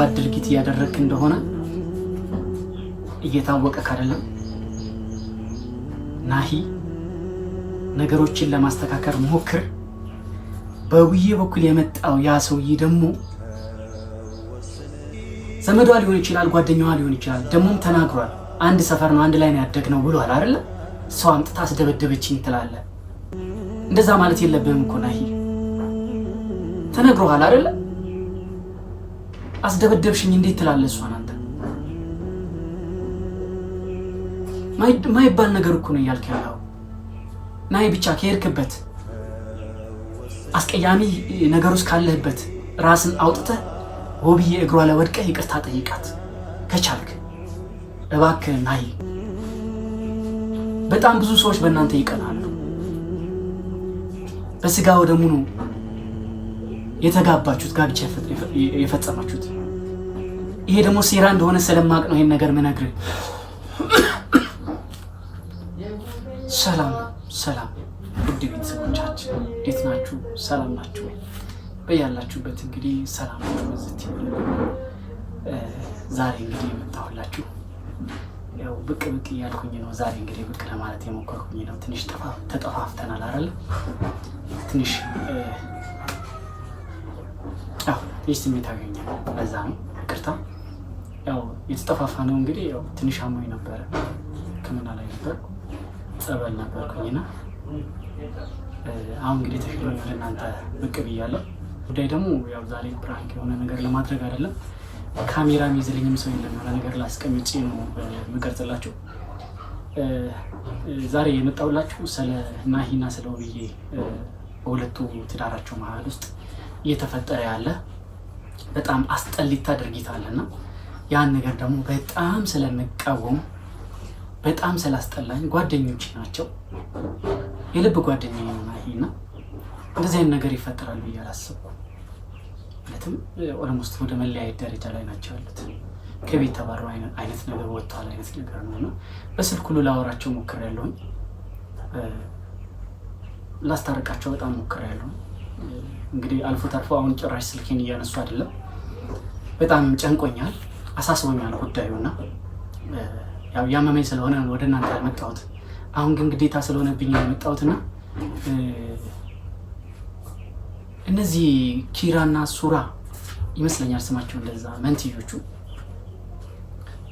ከባድ ድርጊት እያደረግክ እንደሆነ እየታወቀ ካደለም ናሂ ነገሮችን ለማስተካከል ሞክር። በውዬ በኩል የመጣው ያ ሰውዬ ደግሞ ዘመዷ ሊሆን ይችላል፣ ጓደኛዋ ሊሆን ይችላል። ደግሞም ተናግሯል። አንድ ሰፈር ነው፣ አንድ ላይ ነው ያደግነው ብሏል አይደለ? ሰው አምጥታ አስደበደበችኝ ትላለህ። እንደዛ ማለት የለብህም እኮ ናሂ። ተነግሮሃል አይደለ? አስደበደብሽኝ እንዴት ትላለህ? እሷን አንተ ማይባል ነገር እኮ ነው እያልክ ያለው። ናይ ብቻ ከሄድክበት አስቀያሚ ነገር ውስጥ ካለህበት ራስን አውጥተህ ውብዬ እግሯ ላይ ወድቀህ ይቅርታ ጠይቃት ከቻልክ እባክህ ናይ። በጣም ብዙ ሰዎች በእናንተ ይቀናሉ። በስጋ ወደሙ ነው የተጋባችሁት፣ ጋብቻ የፈጸማችሁት ይሄ ደግሞ ሴራ እንደሆነ ስለማቅ ነው ይሄን ነገር ምነግርህ። ሰላም ሰላም፣ ውድ ቤተሰቦቻችን እንዴት ናችሁ? ሰላም ናችሁ በያላችሁበት እንግዲህ ሰላም ዝት። ዛሬ እንግዲህ የመጣሁላችሁ ያው ብቅ ብቅ እያልኩኝ ነው። ዛሬ እንግዲህ ብቅ ለማለት የሞከርኩኝ ነው። ትንሽ ተጠፋፍተናል አይደል? ትንሽ ይህ ስሜት አገኘ፣ በዛ ነው። ይቅርታ ያው የተጠፋፋ ነው እንግዲህ ያው ትንሽ አሞኝ ነበረ፣ ሕክምና ላይ ነበር፣ ጸበል ነበርኩኝና አሁን እንግዲህ ተሽሎኝ ወደ እናንተ ብቅ ብያለሁ። ጉዳይ ደግሞ ያው ዛሬ ፕራንክ የሆነ ነገር ለማድረግ አይደለም። ካሜራ የሚይዝልኝም ሰው የለም። የሆነ ነገር ላስቀምጬ ነው የምቀርጽላችሁ። ዛሬ የመጣሁላችሁ ስለ ናሂና ስለ ውብዬ በሁለቱ ትዳራቸው መሀል ውስጥ እየተፈጠረ ያለ በጣም አስጠሊታ ድርጊት አለና ያን ነገር ደግሞ በጣም ስለምቃወም በጣም ስላስጠላኝ ጓደኞች ናቸው የልብ ጓደኛ እና እንደዚህ አይነት ነገር ይፈጠራል ብዬ አላሰብኩም። ማለትም ኦልሞስት ወደ መለያየት ደረጃ ላይ ናቸው ያሉት። ከቤት ተባረው አይነት ነገር ወጥተዋል አይነት ነገር ነው እና በስልክ ሁሉ ላወራቸው ሞክሬያለሁኝ። ላስታርቃቸው በጣም ሞክር ሞክሬያለሁኝ። እንግዲህ አልፎ ተርፎ አሁን ጭራሽ ስልኬን እያነሱ አይደለም። በጣም ጨንቆኛል። አሳስቦኛል ጉዳዩና እና ያመመኝ ስለሆነ ወደ እናንተ ያመጣሁት። አሁን ግን ግዴታ ስለሆነብኝ ያመጣሁትና እነዚህ ኪራና ሱራ ይመስለኛል ስማቸው እንደዛ መንትዮቹ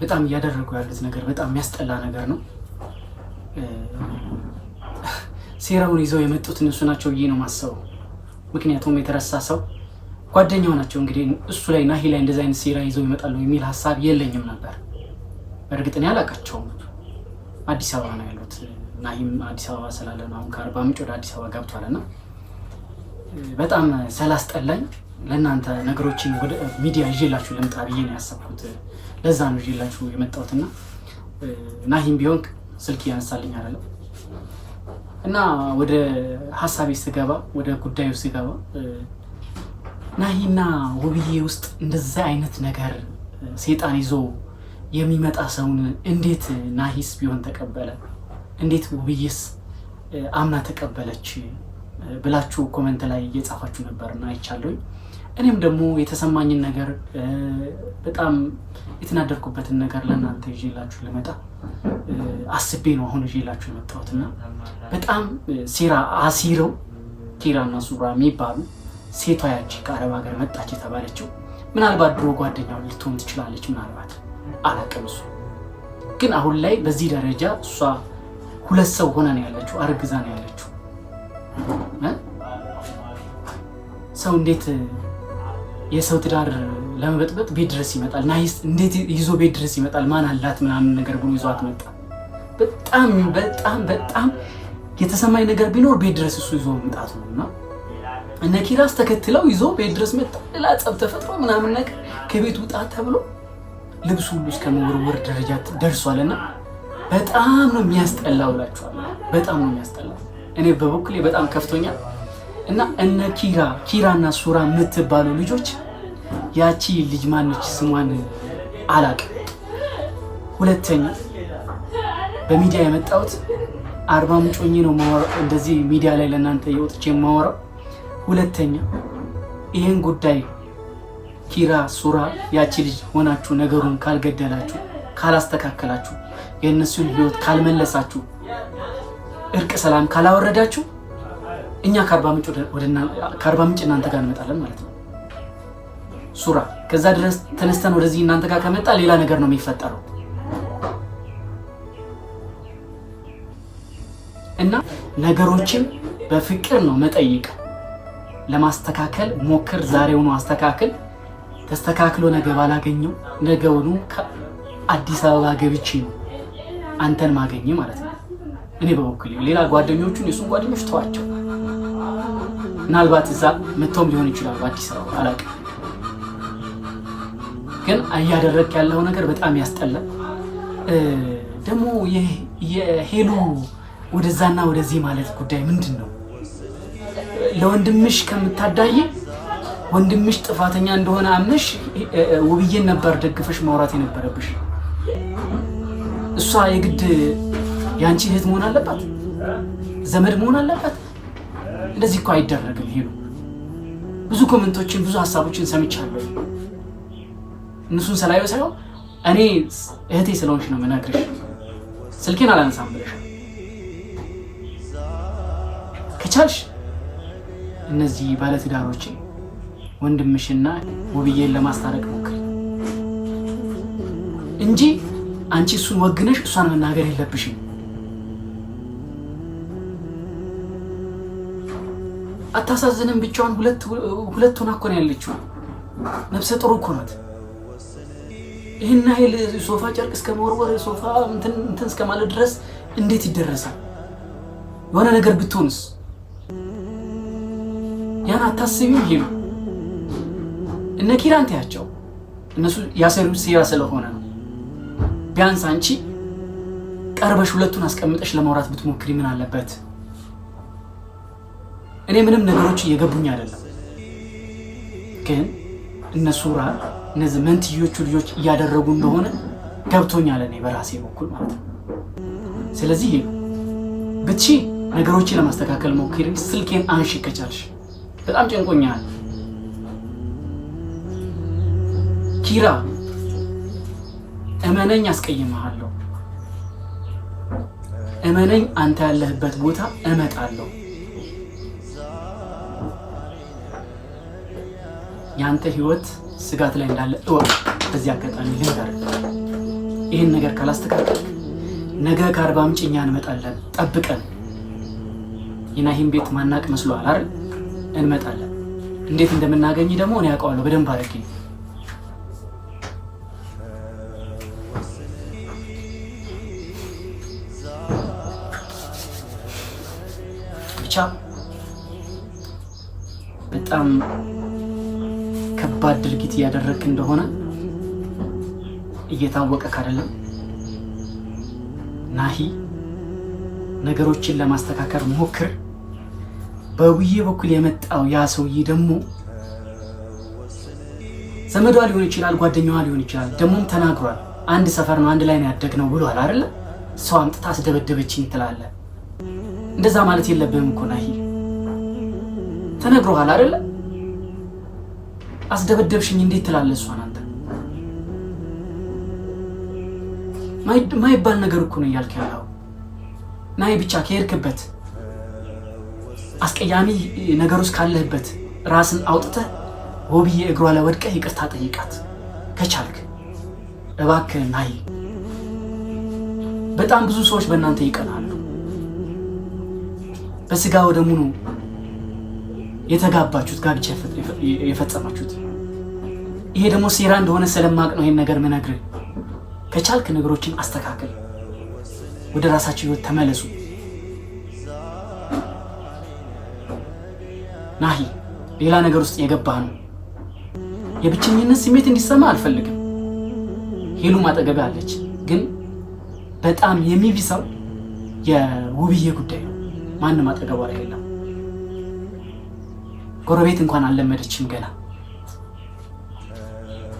በጣም እያደረጉ ያሉት ነገር በጣም የሚያስጠላ ነገር ነው። ሴራውን ይዘው የመጡት እነሱ ናቸው ብዬ ነው ማሰበው። ምክንያቱም የተረሳ ሰው ጓደኛው ናቸው። እንግዲህ እሱ ላይ ናሂ ላይ እንደዚህ አይነት ሴራ ይዘው ይመጣሉ የሚል ሀሳብ የለኝም ነበር። እርግጥን ያላቃቸውም አዲስ አበባ ነው ያሉት። ናሂም አዲስ አበባ ስላለ ነው አሁን ከአርባ ምንጭ ወደ አዲስ አበባ ገብቷል። እና በጣም ስላስጠላኝ ለእናንተ ነገሮችን ወደ ሚዲያ ይዤላችሁ ልምጣ ብዬ ነው ያሰብኩት። ለዛ ነው ይዤላችሁ የመጣሁት። እና ናሂም ቢሆን ስልክ እያነሳልኝ አይደለም እና ወደ ሀሳቤ ስገባ ወደ ጉዳዩ ስገባ ናሂና ውብዬ ውስጥ እንደዛ አይነት ነገር ሴጣን ይዞ የሚመጣ ሰውን እንዴት ናሂስ ቢሆን ተቀበለ? እንዴት ውብዬስ አምና ተቀበለች? ብላችሁ ኮመንት ላይ እየጻፋችሁ ነበርና አይቻለሁኝ። እኔም ደግሞ የተሰማኝን ነገር በጣም የተናደርኩበትን ነገር ለእናንተ ይዤላችሁ ልመጣ አስቤ ነው አሁን ይዤላችሁ የመጣሁትና በጣም ሴራ አሲረው እና ሱራ የሚባሉ ሴቷ ያቺ ከአረብ ሀገር መጣች የተባለችው ምናልባት ድሮ ጓደኛውን ልትሆን ትችላለች። ምናልባት አላቅም። እሱ ግን አሁን ላይ በዚህ ደረጃ እሷ ሁለት ሰው ሆነ ነው ያለችው፣ አርግዛ ነው ያለችው። ሰው እንዴት የሰው ትዳር ለመበጥበጥ ቤት ድረስ ይመጣል? ና እንዴት ይዞ ቤት ድረስ ይመጣል? ማን አላት ምናምን ነገር ብሎ ይዟት መጣ። በጣም በጣም በጣም የተሰማኝ ነገር ቢኖር ቤት ድረስ እሱ ይዞ መምጣቱ ነው እና እነ ኪራስ ተከትለው ይዞ ቤት ድረስ መጣ። ሌላ ጸብ ተፈጥሮ ምናምን ነገር ከቤት ውጣ ተብሎ ልብሱ ሁሉ እስከ መወርወር ደረጃ ደርሷልና በጣም ነው የሚያስጠላው እላችኋለሁ። በጣም ነው የሚያስጠላው። እኔ በበኩሌ በጣም ከፍቶኛል። እና እነ ኪራ ኪራና ሱራ የምትባሉ ልጆች ያቺ ልጅ ማነች ስሟን አላቅ። ሁለተኛ በሚዲያ የመጣሁት አርባ ምንጭ ነው እንደዚህ ሚዲያ ላይ ለእናንተ የወጥቼ የማወራው ሁለተኛ ይህን ጉዳይ ኪራ ሱራ ያቺ ልጅ ሆናችሁ ነገሩን ካልገደላችሁ፣ ካላስተካከላችሁ፣ የእነሱን ህይወት ካልመለሳችሁ፣ እርቅ ሰላም ካላወረዳችሁ እኛ ከአርባ ምንጭ እናንተ ጋር እንመጣለን ማለት ነው። ሱራ ከዛ ድረስ ተነስተን ወደዚህ እናንተ ጋር ከመጣ ሌላ ነገር ነው የሚፈጠረው እና ነገሮችን በፍቅር ነው መጠይቅ ለማስተካከል ሞክር። ዛሬውኑ አስተካክል። ተስተካክሎ ነገ ባላገኘው ነገውኑ ከአዲስ አበባ ገብቼ ነው አንተን ማገኘ ማለት ነው። እኔ በበኩል ሌላ ጓደኞቹን የሱን ጓደኞች ተዋቸው። ምናልባት እዛ መጥተውም ሊሆን ይችላል በአዲስ አበባ አላውቅም። ግን እያደረግ ያለው ነገር በጣም ያስጠላል። ደግሞ የሄሉ ወደዛና ወደዚህ ማለት ጉዳይ ምንድን ነው? ለወንድምሽ ከምታዳይ ወንድምሽ ጥፋተኛ እንደሆነ አምነሽ ውብዬን ነበር ደግፈሽ ማውራት የነበረብሽ። እሷ የግድ የአንቺ እህት መሆን አለባት? ዘመድ መሆን አለባት? እንደዚህ እኮ አይደረግም። ነው ብዙ ኮመንቶችን ብዙ ሀሳቦችን ሰምቻለሁ። እነሱን ስላየው ሳይሆን እኔ እህቴ ስለሆንሽ ነው የምነግርሽ። ስልኬን አላነሳም ብለሻል። ከቻልሽ እነዚህ ባለትዳሮች ወንድምሽና ውብዬን ለማስታረቅ ሞክር እንጂ አንቺ እሱን ወግነሽ እሷን መናገር የለብሽም። አታሳዝንም? ብቻዋን ሁለት ሆና እኮ ነው ያለችው። ነፍሰ ጥሩ እኮ ናት። ይህን ያህል ሶፋ ጨርቅ እስከ መወርወር ሶፋ እንትን እስከ ማለት ድረስ እንዴት ይደረሳል? የሆነ ነገር ብትሆንስ ያን አታስቢ ይሉ እነ ኪራን ትያቸው። እነሱ ያሰሩ ሴራ ስለሆነ ነው። ቢያንስ አንቺ ቀርበሽ ሁለቱን አስቀምጠሽ ለማውራት ብትሞክሪ ምን አለበት? እኔ ምንም ነገሮች እየገቡኝ አይደለም፣ ግን እነሱ ራ እነዚህ መንትዮቹ ልጆች እያደረጉ እንደሆነ ገብቶኛል፣ እኔ በራሴ በኩል ማለት ነው። ስለዚህ ብቺ ነገሮችን ለማስተካከል ሞክሪ። ስልኬን አንሺ ከቻልሽ በጣም ጨንቆኛል። ኪራ እመነኝ፣ አስቀይመሃለሁ። እመነኝ፣ አንተ ያለህበት ቦታ እመጣለሁ። የአንተ ህይወት ስጋት ላይ እንዳለ እወቅ። በዚህ አጋጣሚ ልንገር፣ ይህን ነገር ካላስተካከል ነገ ከአርባ ምንጭ እኛ እንመጣለን። ጠብቀን የናሂን ቤት ማናቅ መስሎሃል አይደል? እንመጣለን። እንዴት እንደምናገኝ ደግሞ እኔ ያውቀዋለሁ በደንብ አድርጌ። ብቻ በጣም ከባድ ድርጊት እያደረግክ እንደሆነ እየታወቀ ካደለም ናሂ ነገሮችን ለማስተካከል ሞክር። በውዬ በኩል የመጣው ያ ሰውዬ ደግሞ ዘመዷ ሊሆን ይችላል፣ ጓደኛዋ ሊሆን ይችላል። ደግሞም ተናግሯል። አንድ ሰፈር ነው አንድ ላይ ነው ነው ብሏል አይደለ? ሰው አምጥታ አስደበደበችኝ ትላለህ። እንደዛ ማለት የለብህም እኮ ናሂ። ተነግሮሃል አይደለ? አስደበደብሽኝ እንዴት ትላለ እሷን አንተ? ማይባል ነገር እኮ ነው እያልክ ያለው ናሂ። ብቻ ከሄድክበት አስቀያሚ ነገር ውስጥ ካለህበት ራስን አውጥተህ ውብዬ እግሯ ላይ ወድቀህ ይቅርታ ጠይቃት ከቻልክ እባክህ ናይ። በጣም ብዙ ሰዎች በእናንተ ይቀናሉ። በስጋ ወደሙ ነው የተጋባችሁት፣ ጋብቻ የፈጸማችሁት። ይሄ ደግሞ ሴራ እንደሆነ ስለማቅ ነው ይህን ነገር ምነግርህ። ከቻልክ ነገሮችን አስተካክል። ወደ ራሳቸው ህይወት ተመለሱ። ሌላ ነገር ውስጥ የገባህ ነው። የብቸኝነት ስሜት እንዲሰማ አልፈልግም። ሄሉ ማጠገብ አለች፣ ግን በጣም የሚብሰው የውብዬ ጉዳይ ነው። ማንም አጠገቧ ላይ የለም። ጎረቤት እንኳን አልለመደችም ገና።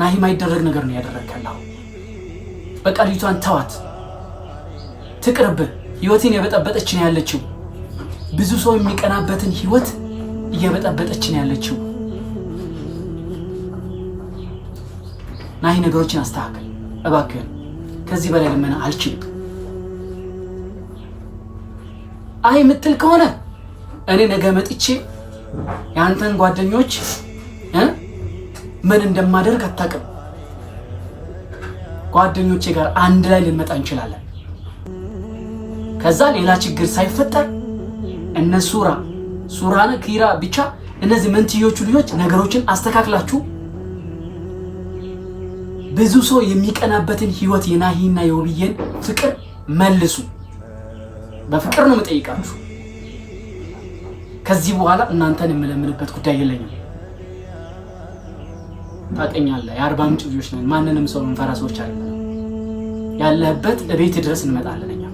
ናሂ ማይደረግ ነገር ነው ያደረግከላሁ። በቃ ልጅቷን ተዋት፣ ትቅርብ ህይወትን የበጠበጠች ነው ያለችው ብዙ ሰው የሚቀናበትን ህይወት እየበጠበጠችን ያለችው። ናሂ ነገሮችን አስተካክል እባክህን። ከዚህ በላይ ልመና አልችልም። አይ የምትል ከሆነ እኔ ነገ መጥቼ የአንተን ጓደኞች ምን እንደማደርግ አታውቅም። ጓደኞቼ ጋር አንድ ላይ ልንመጣ እንችላለን። ከዛ ሌላ ችግር ሳይፈጠር እነሱ ራ ሱራን ኪራ ብቻ እነዚህ መንትዮቹ ልጆች ነገሮችን አስተካክላችሁ ብዙ ሰው የሚቀናበትን ህይወት የናሂና የውብዬን ፍቅር መልሱ። በፍቅር ነው የምጠይቃችሁ። ከዚህ በኋላ እናንተን የምለምንበት ጉዳይ የለኝም። ታውቀኛለህ፣ የአርባ ምንጭ ልጆች ነን። ማንንም ሰው መንፈራ ሰዎች አለ ያለህበት እቤት ድረስ እንመጣለን። እኛ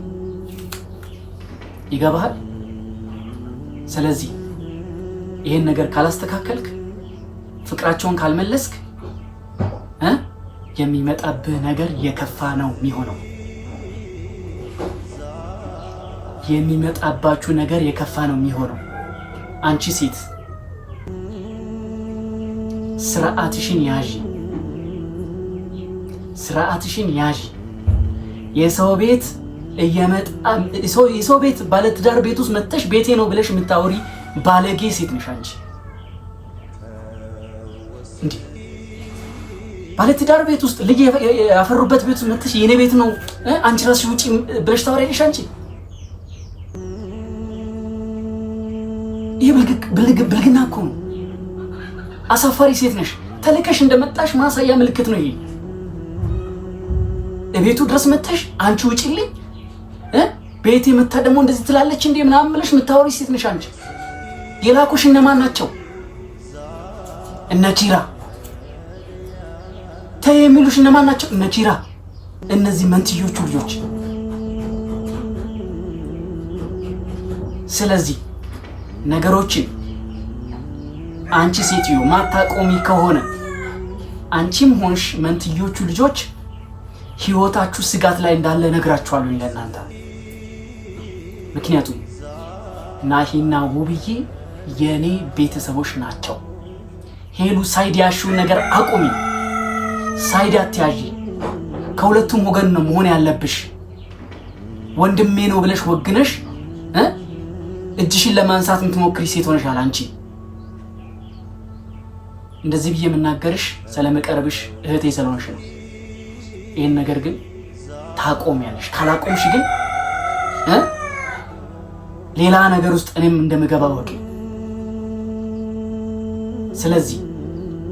ይገባሃል። ስለዚህ ይሄን ነገር ካላስተካከልክ፣ ፍቅራቸውን ካልመለስክ እ የሚመጣብህ ነገር የከፋ ነው የሚሆነው። የሚመጣባችሁ ነገር የከፋ ነው የሚሆነው። አንቺ ሴት ስርዓትሽን ያዢ፣ ስርዓትሽን ያዢ የሰው ቤት እየመጣ የሰው ቤት ባለትዳር ቤት ውስጥ መተሽ ቤቴ ነው ብለሽ የምታወሪ ባለጌ ሴት ነሽ አንቺ። እንዲህ ባለትዳር ቤት ውስጥ ልጅ ያፈሩበት ቤት ውስጥ መተሽ የኔ ቤት ነው አንቺ ራስሽ ውጪ ብለሽ ታወሪያለሽ አንቺ። ይህ ብልግና እኮ ነው። አሳፋሪ ሴት ነሽ። ተልከሽ እንደመጣሽ ማሳያ ምልክት ነው ይሄ። ቤቱ ድረስ መተሽ አንቺ ውጪልኝ ቤት የመታ ደግሞ እንደዚህ ትላለች እንዴ ምናምን ብለሽ የምታወሪ ሴት ነሽ አንቺ። የላኩሽ እነማን ናቸው? እነ ጂራ ተይ የሚሉሽ እነማን ናቸው? እነ እነዚህ መንትዮቹ ልጆች። ስለዚህ ነገሮችን አንቺ ሴትዮ ማታቆሚ ከሆነ አንቺም ሆንሽ መንትዮቹ ልጆች ህይወታችሁ ስጋት ላይ እንዳለ ነግራችኋለሁ ለእናንተ ምክንያቱም ናሂና ውብዬ የእኔ ቤተሰቦች ናቸው። ሄሉ ሳይድ ያሽውን ነገር አቁሚ፣ ሳይድ አትያዢ። ከሁለቱም ወገን ነው መሆን ያለብሽ። ወንድሜ ነው ብለሽ ወግነሽ እጅሽን ለማንሳት የምትሞክሪ ሴት ሆነሻል አንቺ። እንደዚህ ብዬ የምናገርሽ ስለመቀረብሽ እህቴ ስለሆንሽ ነው። ይህን ነገር ግን ታቆሚያለሽ። ካላቆምሽ ግን ሌላ ነገር ውስጥ እኔም እንደምገባ ወቅ። ስለዚህ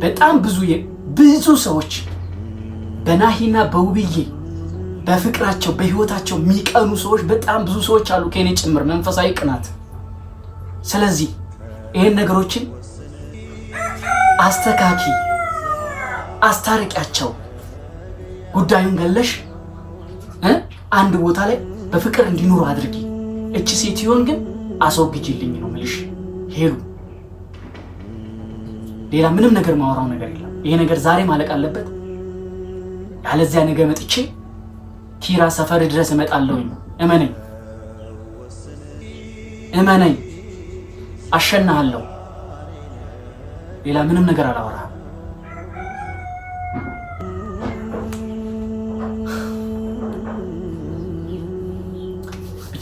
በጣም ብዙ ብዙ ሰዎች በናሂና በውብዬ በፍቅራቸው በህይወታቸው የሚቀኑ ሰዎች በጣም ብዙ ሰዎች አሉ፣ ከኔ ጭምር መንፈሳዊ ቅናት። ስለዚህ ይህን ነገሮችን አስተካኪ፣ አስታርቂያቸው። ጉዳዩን ገለሽ አንድ ቦታ ላይ በፍቅር እንዲኖሩ አድርጊ። እች ሴትዮን ግን አስወግጅልኝ ነው ምልሽ ሄሉ። ሌላ ምንም ነገር ማወራው ነገር የለም። ይሄ ነገር ዛሬ ማለቅ አለበት። ያለዚያ ነገ መጥቼ ኪራ ሰፈር ድረስ እመጣለሁኝ። እመነኝ፣ እመነኝ፣ አሸናሃለሁ። ሌላ ምንም ነገር አላወራ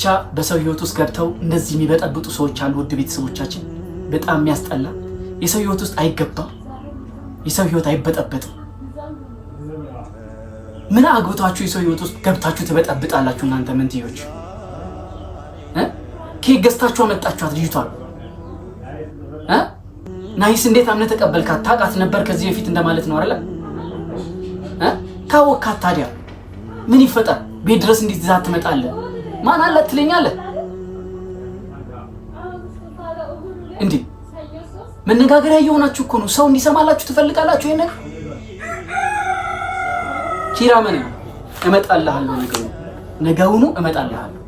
ብቻ በሰው ህይወት ውስጥ ገብተው እንደዚህ የሚበጠብጡ ሰዎች አሉ። ውድ ቤተሰቦቻችን በጣም የሚያስጠላ የሰው ህይወት ውስጥ አይገባም። የሰው ህይወት አይበጠበጥም። ምን አግብቷችሁ የሰው ህይወት ውስጥ ገብታችሁ ትበጠብጣላችሁ? እናንተ ምንትዮች ኬ ገዝታችሁ አመጣችኋት ልጅቷል። ናይስ እንዴት አምነህ ተቀበልካት? ታውቃት ነበር ከዚህ በፊት እንደማለት ነው አለ። ካወካት ታዲያ ምን ይፈጠር? ቤት ድረስ እንዴት ይዛት ትመጣለህ? ማን አለ ትለኛለህ እንዴ? መነጋገሪያ እየሆናችሁ እኮ ነው። ሰው እንዲሰማላችሁ ትፈልጋላችሁ። ይሄን ነገር ኪራ ምን እመጣልሃለሁ፣ ነገውኑ እመጣልሃለሁ